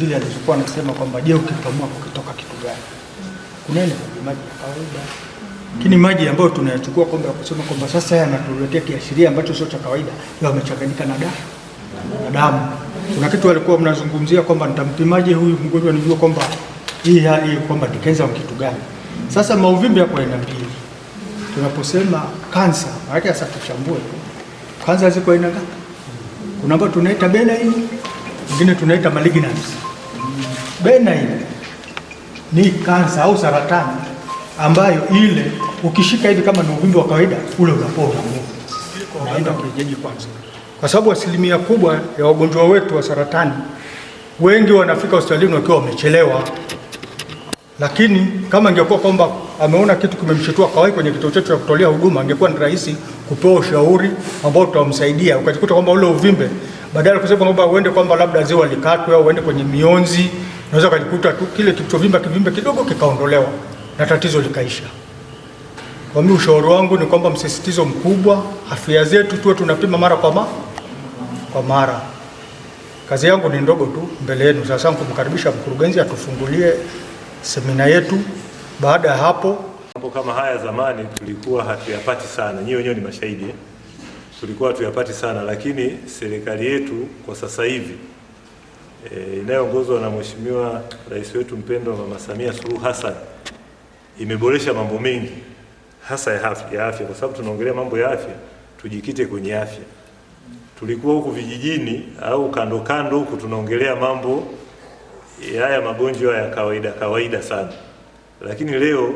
zile alizokuwa anasema kwamba je, ukikamua kukitoka kitu gani? Kuna ile maji ya kawaida, lakini maji ambayo tunayachukua kwamba ya kusema kwamba sasa yanatuletea kiashiria ambacho sio cha kawaida, yamechanganyika na damu na damu. Kuna kitu alikuwa mnazungumzia kwamba nitampimaje huyu mgonjwa nijue kwamba hii hali kwamba ni kansa kitu gani? Sasa mauvimbe yako aina mbili, tunaposema kansa maana sasa tuchambue kwanza ziko aina gani? Kuna ambayo tunaita benign, nyingine tunaita malignant benign ni kansa au saratani ambayo ile ukishika hivi kama ni uvimbe wa kawaida ule unapona, unaenda kijeji kwanza, kwa sababu asilimia kubwa ya wagonjwa wetu wa saratani wengi wanafika hospitalini wakiwa wamechelewa. Lakini kama ingekuwa kwamba ameona kitu kimemshitua kawai kwenye kituo chetu cha kutolea huduma, angekuwa ni rahisi kupewa ushauri ambao tutamsaidia. Ukajikuta kwamba ule uvimbe badala kusema kwamba uende kwamba labda ziwa likatwe au uende kwenye mionzi unaweza kujikuta tu kile kilichovimba kivimbe kidogo kikaondolewa na tatizo likaisha. Kwa mimi ushauri wangu ni kwamba msisitizo mkubwa, afya zetu tuwe tunapima mara kwa ma, kwa mara. Kazi yangu ni ndogo tu mbele yenu sasa, kumkaribisha mkurugenzi atufungulie semina yetu. Baada ya hapo, mambo kama haya zamani tulikuwa hatuyapati sana, nyinyi wenyewe ni mashahidi, eh? tulikuwa hatuyapati sana, lakini serikali yetu kwa sasa hivi e, inayoongozwa na Mheshimiwa Rais wetu mpendwa Mama Samia Suluhu Hassan imeboresha mambo mengi hasa ya afya, ya afya kwa sababu tunaongelea mambo ya afya, tujikite kwenye afya. Tulikuwa huku vijijini au kando kando huku tunaongelea mambo haya magonjwa ya kawaida kawaida sana, lakini leo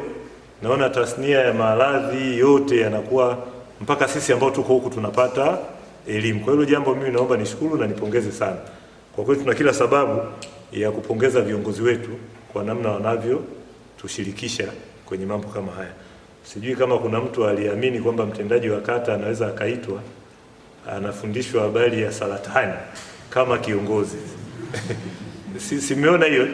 naona tasnia ya maradhi yote yanakuwa mpaka sisi ambao tuko huku tunapata elimu. Kwa hilo jambo mimi naomba nishukuru na nipongeze sana. Kwa kweli tuna kila sababu ya kupongeza viongozi wetu kwa namna wanavyotushirikisha kwenye mambo kama haya. Sijui kama kuna mtu aliamini kwamba mtendaji wa kata anaweza akaitwa anafundishwa habari ya saratani kama kiongozi si, simeona hiyo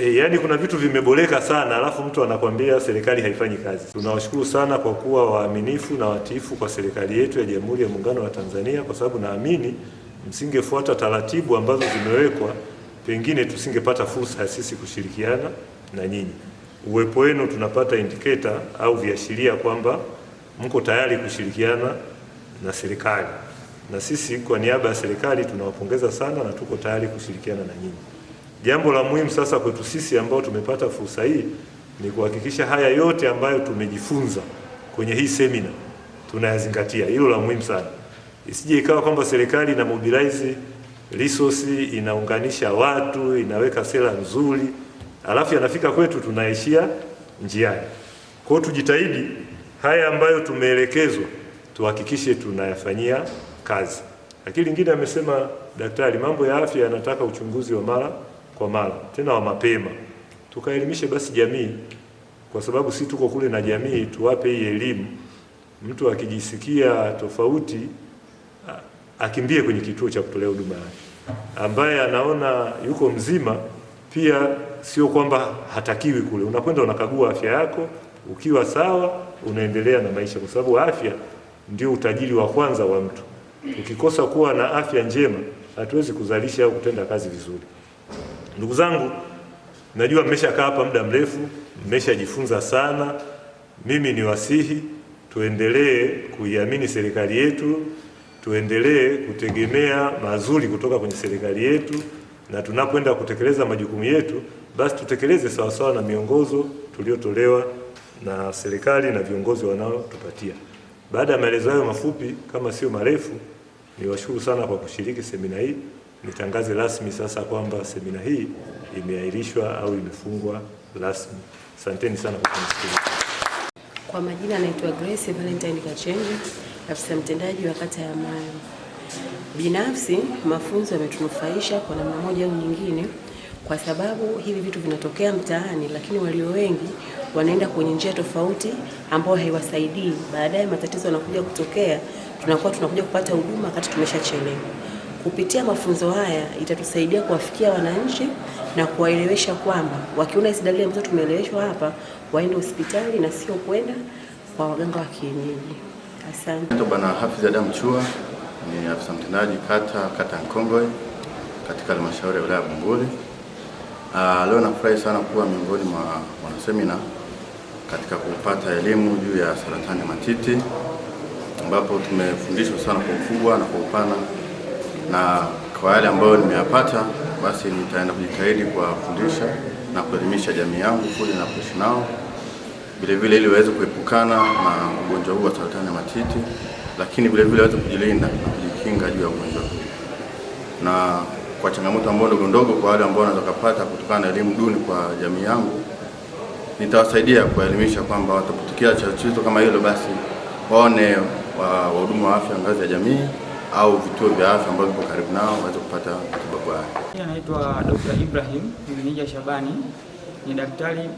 e, yaani kuna vitu vimeboleka sana, alafu mtu anakwambia serikali haifanyi kazi. Tunawashukuru sana kwa kuwa waaminifu na watiifu kwa serikali yetu ya Jamhuri ya Muungano wa Tanzania, kwa sababu naamini msingefuata taratibu ambazo zimewekwa, pengine tusingepata fursa ya sisi kushirikiana na nyinyi. Uwepo wenu tunapata indiketa au viashiria kwamba mko tayari kushirikiana na serikali, na sisi kwa niaba ya serikali tunawapongeza sana na tuko tayari kushirikiana na nyinyi. Jambo la muhimu sasa kwetu sisi ambao tumepata fursa hii ni kuhakikisha haya yote ambayo tumejifunza kwenye hii semina tunayazingatia. Hilo la muhimu sana isije ikawa kwamba serikali ina mobilize resource inaunganisha watu inaweka sera nzuri, alafu yanafika kwetu tunaishia njiani. Kwao tujitahidi haya ambayo tumeelekezwa tuhakikishe tunayafanyia kazi. Lakini lingine amesema daktari, mambo ya afya yanataka uchunguzi wa mara kwa mara, tena wa mapema. Tukaelimishe basi jamii, kwa sababu si tuko kule na jamii, tuwape hii elimu. Mtu akijisikia tofauti akimbie kwenye kituo cha kutolea huduma afya. Ambaye anaona yuko mzima pia sio kwamba hatakiwi kule, unakwenda unakagua afya yako, ukiwa sawa unaendelea na maisha, kwa sababu afya ndio utajiri wa kwanza wa mtu. Ukikosa kuwa na afya njema, hatuwezi kuzalisha au kutenda kazi vizuri. Ndugu zangu, najua mmeshakaa hapa muda mrefu, mmeshajifunza sana. Mimi ni wasihi tuendelee kuiamini serikali yetu tuendelee kutegemea mazuri kutoka kwenye serikali yetu, na tunapoenda kutekeleza majukumu yetu, basi tutekeleze sawasawa na miongozo tuliyotolewa na serikali na viongozi wanaotupatia. Baada ya maelezo hayo mafupi kama sio marefu, niwashukuru sana kwa kushiriki semina hii. Nitangaze rasmi sasa kwamba semina hii imeahirishwa au imefungwa rasmi. Asanteni sana kwa kunisikiliza. Kwa majina naitwa Grace Valentine Kachenge, afisa mtendaji wa kata ya Mayo. Binafsi mafunzo yametunufaisha kwa namna moja au nyingine, kwa sababu hivi vitu vinatokea mtaani, lakini walio wengi wanaenda kwenye njia tofauti ambayo haiwasaidii. Baadaye matatizo yanakuja kutokea, tunakuwa tunakuja kupata huduma wakati tumeshachelewa. Kupitia mafunzo haya itatusaidia kuwafikia wananchi na kuwaelewesha kwamba wakiona hizi dalili ambazo tumeeleweshwa hapa, waende hospitali na sio kwenda kwa waganga wa kienyeji. Asante. Bwana Hafiz Adam Chua ni afisa mtendaji kata kata Nkongwe katika halmashauri ya wilaya ya bumbuli Uh, ah, leo nafurahi sana kuwa miongoni mwa wanasemina katika kupata elimu juu ya saratani ya matiti ambapo tumefundishwa sana kwa ukubwa na kwa upana, na kwa yale ambayo nimeyapata, basi nitaenda kujitahidi kuwafundisha na kuelimisha jamii yangu kule na kuishi nao vilevile ili waweze kuepukana na ugonjwa huu wa saratani ya matiti, lakini vilevile waweze kujilinda na kujikinga juu ya ugonjwa huu na kwa changamoto ambayo ndogo ndogo kwa wale ambao wanaweza kupata kutokana na elimu duni kwa jamii yangu, nitawasaidia kuwaelimisha kwamba watapotikia tatizo kama hilo, basi waone wahudumu wa afya ngazi ya jamii au vituo vya afya ambavyo viko karibu nao waweze kupata matibabu haya. Naitwa Dr. Ibrahim Mnija Shabani, ni daktari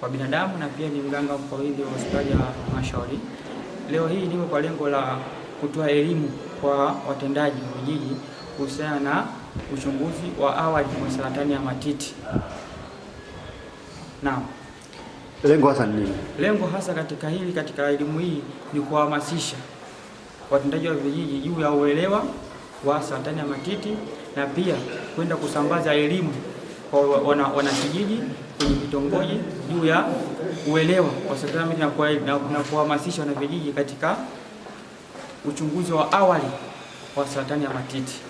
kwa binadamu na pia ni mganga mfawidhi wa hospitali ya halmashauri. Leo hii niko kwa lengo la kutoa elimu kwa watendaji wa vijiji kuhusiana na uchunguzi wa awali wa saratani ya matiti. Naam. Lengo hasa ni nini? Lengo hasa katika hili katika elimu hii ni kuhamasisha watendaji wa vijiji juu ya uelewa wa saratani ya matiti na pia kwenda kusambaza elimu kwa wanakijiji wana kwenye vitongoji juu ya uelewa wa sakramenti na kuhamasisha wanavijiji katika uchunguzi wa awali wa saratani ya matiti.